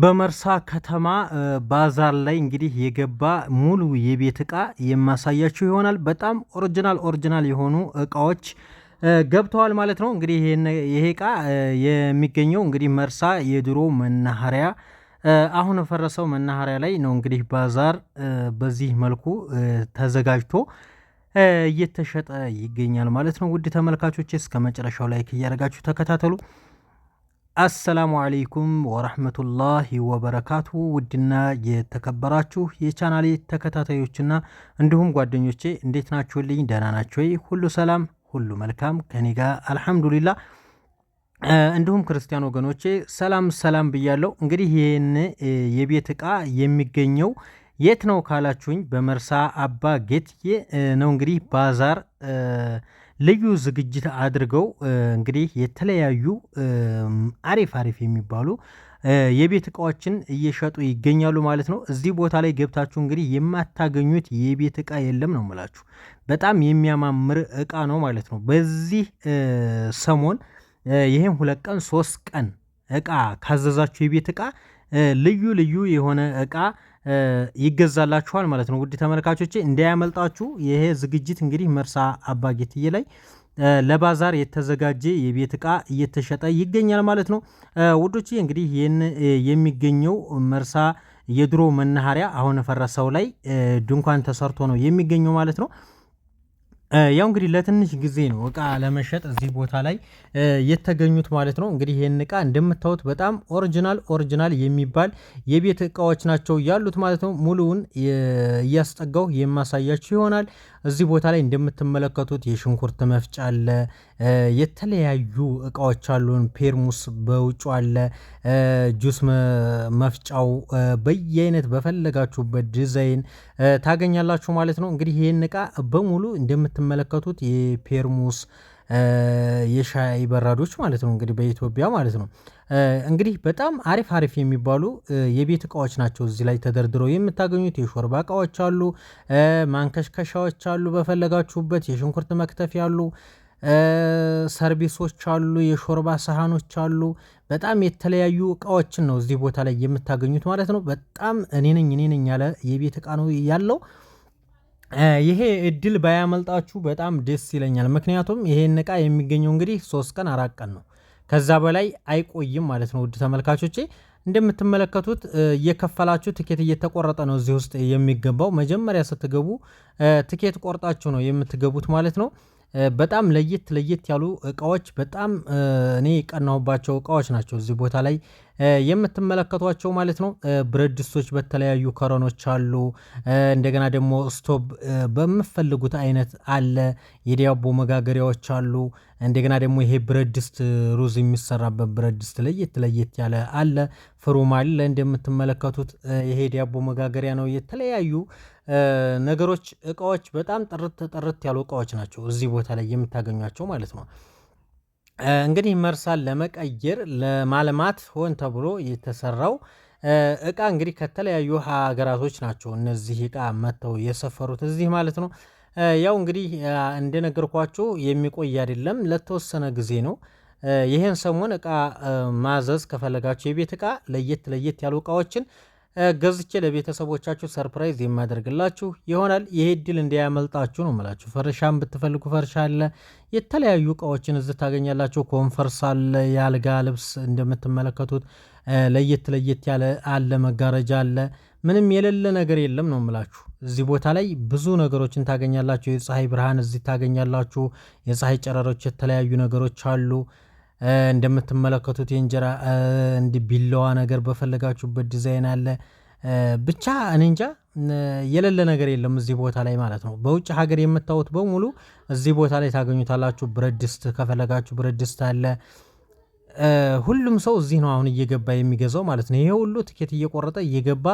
በመርሳ ከተማ ባዛር ላይ እንግዲህ የገባ ሙሉ የቤት እቃ የማሳያችሁ ይሆናል። በጣም ኦሪጂናል ኦሪጂናል የሆኑ እቃዎች ገብተዋል ማለት ነው። እንግዲህ ይሄ እቃ የሚገኘው እንግዲህ መርሳ የድሮ መናኸሪያ አሁን ፈረሰው መናኸሪያ ላይ ነው። እንግዲህ ባዛር በዚህ መልኩ ተዘጋጅቶ እየተሸጠ ይገኛል ማለት ነው። ውድ ተመልካቾች እስከ መጨረሻው ላይክ እያደረጋችሁ ተከታተሉ። አሰላሙ አለይኩም ወረህመቱላሂ ወበረካቱ ውድና የተከበራችሁ የቻናሌ ተከታታዮችና እንዲሁም ጓደኞቼ እንዴት ናችሁልኝ? ደህና ናችሁ ወይ? ሁሉ ሰላም፣ ሁሉ መልካም ከኔ ጋር አልሐምዱሊላ። እንዲሁም ክርስቲያን ወገኖቼ ሰላም ሰላም ብያለሁ። እንግዲህ ይህን የቤት ዕቃ የሚገኘው የት ነው ካላችሁኝ፣ በመርሳ አባ ጌት ነው እንግዲህ ባዛር ልዩ ዝግጅት አድርገው እንግዲህ የተለያዩ አሪፍ አሪፍ የሚባሉ የቤት እቃዎችን እየሸጡ ይገኛሉ ማለት ነው። እዚህ ቦታ ላይ ገብታችሁ እንግዲህ የማታገኙት የቤት እቃ የለም ነው የምላችሁ። በጣም የሚያማምር እቃ ነው ማለት ነው። በዚህ ሰሞን ይህም ሁለት ቀን ሶስት ቀን እቃ ካዘዛችሁ የቤት እቃ ልዩ ልዩ የሆነ እቃ ይገዛላችኋል ማለት ነው። ውድ ተመልካቾቼ እንዳያመልጣችሁ። ይሄ ዝግጅት እንግዲህ መርሳ አባጌትዬ ላይ ለባዛር የተዘጋጀ የቤት ዕቃ እየተሸጠ ይገኛል ማለት ነው። ውዶች እንግዲህ ይህን የሚገኘው መርሳ የድሮ መናኸሪያ አሁን ፈረሰው ላይ ድንኳን ተሰርቶ ነው የሚገኘው ማለት ነው። ያው እንግዲህ ለትንሽ ጊዜ ነው እቃ ለመሸጥ እዚህ ቦታ ላይ የተገኙት ማለት ነው። እንግዲህ ይህን እቃ እንደምታዩት በጣም ኦሪጂናል ኦሪጂናል የሚባል የቤት እቃዎች ናቸው ያሉት ማለት ነው። ሙሉውን እያስጠጋው የማሳያችሁ ይሆናል። እዚህ ቦታ ላይ እንደምትመለከቱት የሽንኩርት መፍጫ አለ፣ የተለያዩ እቃዎች አሉን። ፔርሙስ በውጩ አለ፣ ጁስ መፍጫው በየአይነት በፈለጋችሁበት ዲዛይን ታገኛላችሁ ማለት ነው። እንግዲህ ይህን እቃ በሙሉ እንደምት የምትመለከቱት የፔርሙስ የሻይ በራዶች ማለት ነው እንግዲህ በኢትዮጵያ ማለት ነው። እንግዲህ በጣም አሪፍ አሪፍ የሚባሉ የቤት እቃዎች ናቸው እዚህ ላይ ተደርድረው የምታገኙት። የሾርባ እቃዎች አሉ፣ ማንከሽከሻዎች አሉ፣ በፈለጋችሁበት የሽንኩርት መክተፍ ያሉ ሰርቪሶች አሉ፣ የሾርባ ሳህኖች አሉ። በጣም የተለያዩ እቃዎችን ነው እዚህ ቦታ ላይ የምታገኙት ማለት ነው። በጣም እኔ ነኝ እኔ ነኝ ያለ የቤት እቃ ነው ያለው። ይሄ እድል ባያመልጣችሁ በጣም ደስ ይለኛል። ምክንያቱም ይሄን እቃ የሚገኘው እንግዲህ ሶስት ቀን አራት ቀን ነው፣ ከዛ በላይ አይቆይም ማለት ነው። ውድ ተመልካቾቼ እንደምትመለከቱት እየከፈላችሁ ትኬት እየተቆረጠ ነው እዚህ ውስጥ የሚገባው። መጀመሪያ ስትገቡ ትኬት ቆርጣችሁ ነው የምትገቡት ማለት ነው። በጣም ለየት ለየት ያሉ እቃዎች በጣም እኔ የቀናሁባቸው እቃዎች ናቸው እዚህ ቦታ ላይ የምትመለከቷቸው ማለት ነው። ብረት ድስቶች በተለያዩ ከረኖች አሉ። እንደገና ደግሞ ስቶብ በምፈልጉት አይነት አለ። የዲያቦ መጋገሪያዎች አሉ። እንደገና ደግሞ ይሄ ብረት ድስት ሩዝ የሚሰራበት ብረት ድስት ለየት ለየት ያለ አለ። ፍሩም አለ እንደምትመለከቱት ይሄ ዲያቦ መጋገሪያ ነው። የተለያዩ ነገሮች እቃዎች በጣም ጥርት ጥርት ያሉ እቃዎች ናቸው እዚህ ቦታ ላይ የምታገኟቸው ማለት ነው። እንግዲህ መርሳን ለመቀየር ለማልማት ሆን ተብሎ የተሰራው እቃ እንግዲህ ከተለያዩ ሀገራቶች ናቸው እነዚህ እቃ መጥተው የሰፈሩት እዚህ ማለት ነው። ያው እንግዲህ እንደነገርኳችሁ የሚቆይ አይደለም ለተወሰነ ጊዜ ነው። ይህን ሰሞን እቃ ማዘዝ ከፈለጋችሁ የቤት እቃ ለየት ለየት ያሉ እቃዎችን ገዝቼ ለቤተሰቦቻችሁ ሰርፕራይዝ የማደርግላችሁ ይሆናል። ይሄ ድል እንዳያመልጣችሁ ነው የምላችሁ። ፈርሻን ብትፈልጉ ፈርሻ አለ፣ የተለያዩ እቃዎችን እዚህ ታገኛላችሁ። ኮንፈርስ አለ፣ የአልጋ ልብስ እንደምትመለከቱት ለየት ለየት ያለ አለ፣ መጋረጃ አለ። ምንም የሌለ ነገር የለም ነው የምላችሁ። እዚህ ቦታ ላይ ብዙ ነገሮችን ታገኛላችሁ። የፀሐይ ብርሃን እዚህ ታገኛላችሁ። የፀሐይ ጨረሮች፣ የተለያዩ ነገሮች አሉ። እንደምትመለከቱት የእንጀራ እንዲ ቢላዋ ነገር በፈለጋችሁበት ዲዛይን አለ። ብቻ እኔ እንጃ የሌለ ነገር የለም እዚህ ቦታ ላይ ማለት ነው። በውጭ ሀገር የምታዩት በሙሉ እዚህ ቦታ ላይ ታገኙታላችሁ። ብረት ድስት ከፈለጋችሁ ብረት ድስት አለ። ሁሉም ሰው እዚህ ነው አሁን እየገባ የሚገዛው ማለት ነው። ይሄ ሁሉ ትኬት እየቆረጠ እየገባ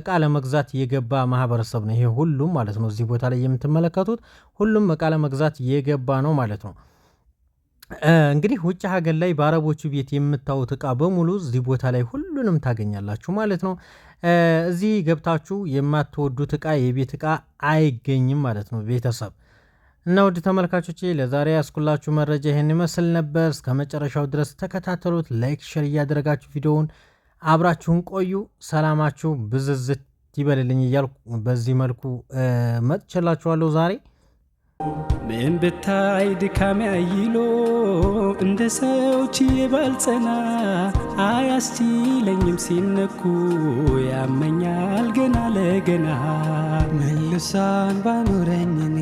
እቃ ለመግዛት እየገባ ማህበረሰብ ነው ይሄ ሁሉም ማለት ነው። እዚህ ቦታ ላይ የምትመለከቱት ሁሉም እቃ ለመግዛት እየገባ ነው ማለት ነው። እንግዲህ ውጭ ሀገር ላይ በአረቦቹ ቤት የምታዩት እቃ በሙሉ እዚህ ቦታ ላይ ሁሉንም ታገኛላችሁ ማለት ነው። እዚህ ገብታችሁ የማትወዱት እቃ የቤት እቃ አይገኝም ማለት ነው ቤተሰብ እና ውድ ተመልካቾች ለዛሬ ያስኩላችሁ መረጃ ይህን ይመስል ነበር። እስከ መጨረሻው ድረስ ተከታተሉት። ላይክ፣ ሸር እያደረጋችሁ ቪዲዮውን አብራችሁን ቆዩ። ሰላማችሁ ብዝዝት ይበልልኝ እያልኩ በዚህ መልኩ መጥቼላችኋለሁ ዛሬ ምን ብታይ ድካሜ አይሎ እንደ ሰው ችዬ አያስችለኝም ሲነኩ ያመኛል ገና ለገና መልሳን ባኖረኝ እኔ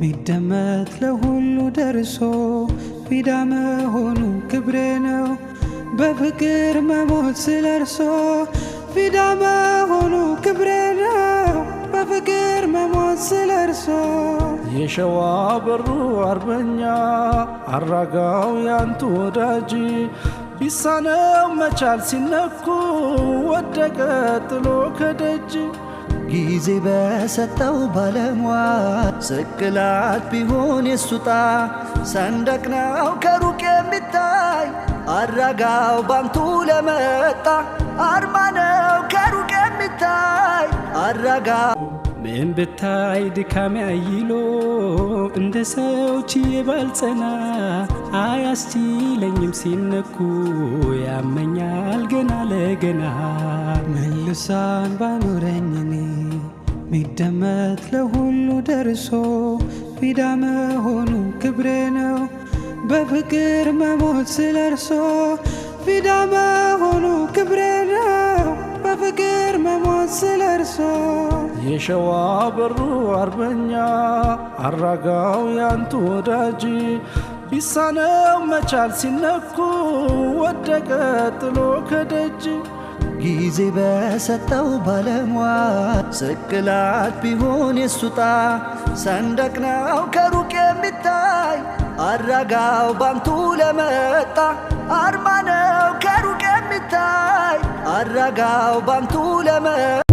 ሚደመጥ ለሁሉ ደርሶ ፊዳ መሆኑ ክብሬ ነው በፍቅር መሞት ስለርሶ ፊዳ መሆኑ ክብሬ ነው ስለ እርሶ የሸዋ በሩ አርበኛ አራጋው ያንቱ ወዳጅ ቢሳነው መቻል ሲነኩ ወደቀ ጥሎ ከደጅ ጊዜ በሰጠው ባለሟ ስቅላት ቢሆን የሱጣ ሰንደቅ ነው ከሩቅ የሚታይ አራጋው ባንቱ ለመጣ አርማ ነው ከሩቅ የሚታይ አራጋው ምን ብታይ ድካሜ አይሎ እንደ ሰው የባልጸና አያስችለኝም ሲነኩ ያመኛል ገና ለገና መልሳን ባኖረኝ እኔ ሚደመጥ ለሁሉ ደርሶ ፊዳ መሆኑ ክብሬ ነው በፍቅር መሞት ስለርሶ ፊዳ መሆኑ ክብሬ በፍቅር መሞት ስለ እርሶ የሸዋ በሩ አርበኛ አራጋው ያንቱ ወዳጅ ቢሳነው መቻል ሲነኩ ወደቀ ጥሎ ከደጅ ጊዜ በሰጠው ባለሟ ስቅላት ቢሆን የሱጣ ሰንደቅ ነው ከሩቅ የሚታይ አራጋው ባንቱ ለመጣ አርማ ነው አራጋው ባንቱ ለመ